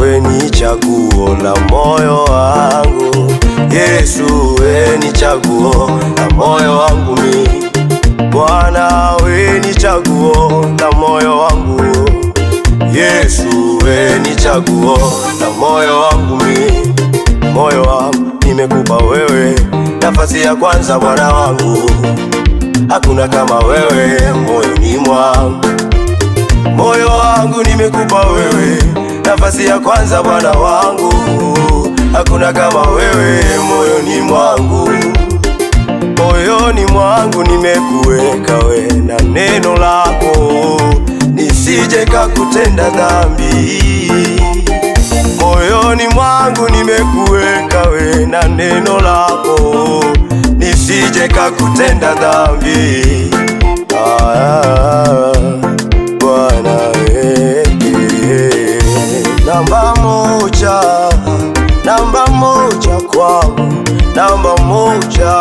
weni chaguo la moyo wangu Yesu, ni chaguo la moyo wangu mi Bwana, weni chaguo la moyo wangu Yesu, weni chaguo la moyo wangu mi moyo wangu nimekupa wewe nafasi ya kwanza Bwana wangu, hakuna kama wewe ni mwangu. Moyo wangu nimekupa wewe nafasi ya kwanza Bwana wangu, hakuna kama wewe moyoni mwangu, moyoni mwangu nimekuweka we na neno lako nisije kakutenda dhambi, moyoni mwangu nimekuweka we na neno lako nisije kakutenda dhambi ah, ah, ah. wangu namba moja,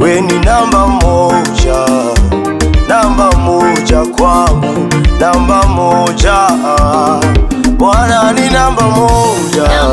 we ni namba moja, namba moja kwangu, namba moja Bwana ni namba moja.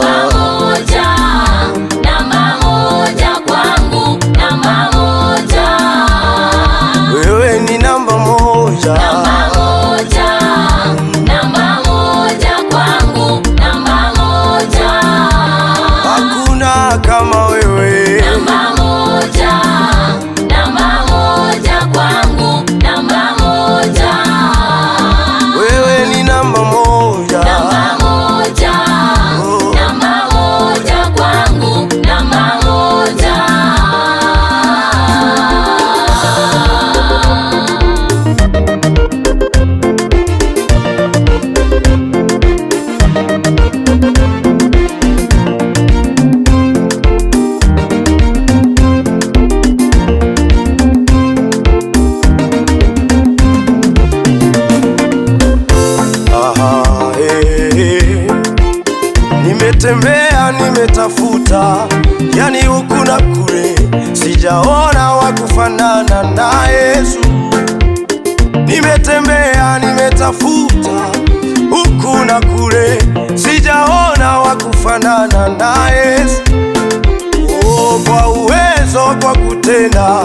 kutenda.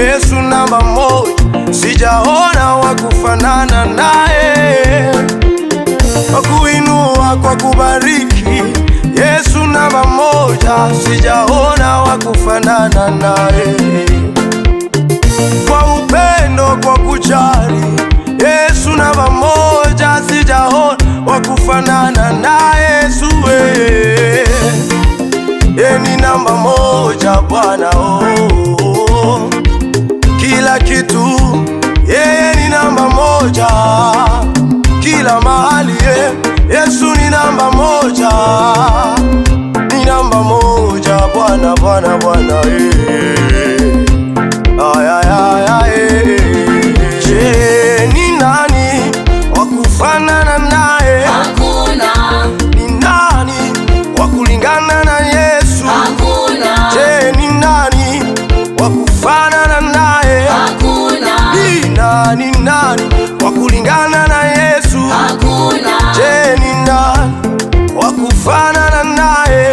Yesu namba moja, sijaona wa kufanana naye, kwa kwa kubariki. Yesu namba moja, sijaona wa kufanana naye, kwa upendo, kwa kujali. Yesu namba moja, sijaona wa kufanana naye, Yesu we. Eh, eh, eh, namba moja Bwana oh. Bwana je, ni nani wakufanana naye? Hakuna. Ni nani wakulingana na Yesu? Hakuna. Je, ni nani wakufanana naye? Hakuna. Ni nani nani wakulingana na Yesu? Hakuna. Je, ni nani wakufanana naye?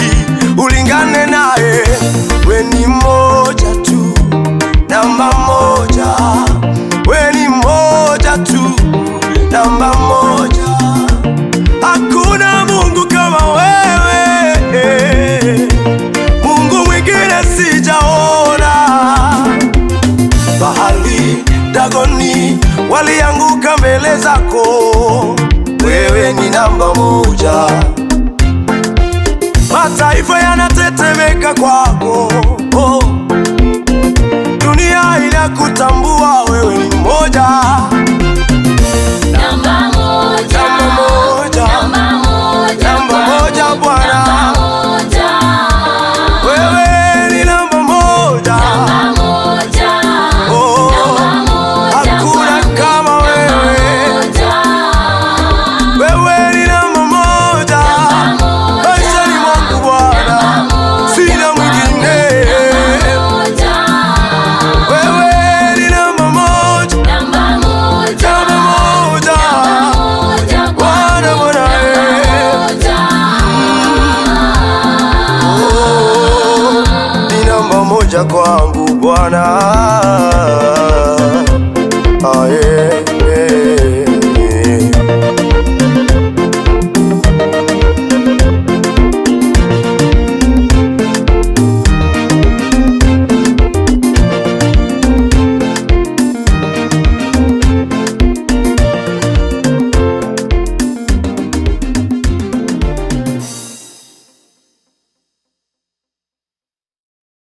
nitainuka mbele zako, wewe ni namba moja. Mataifa yanatetemeka kwako, oh. dunia ina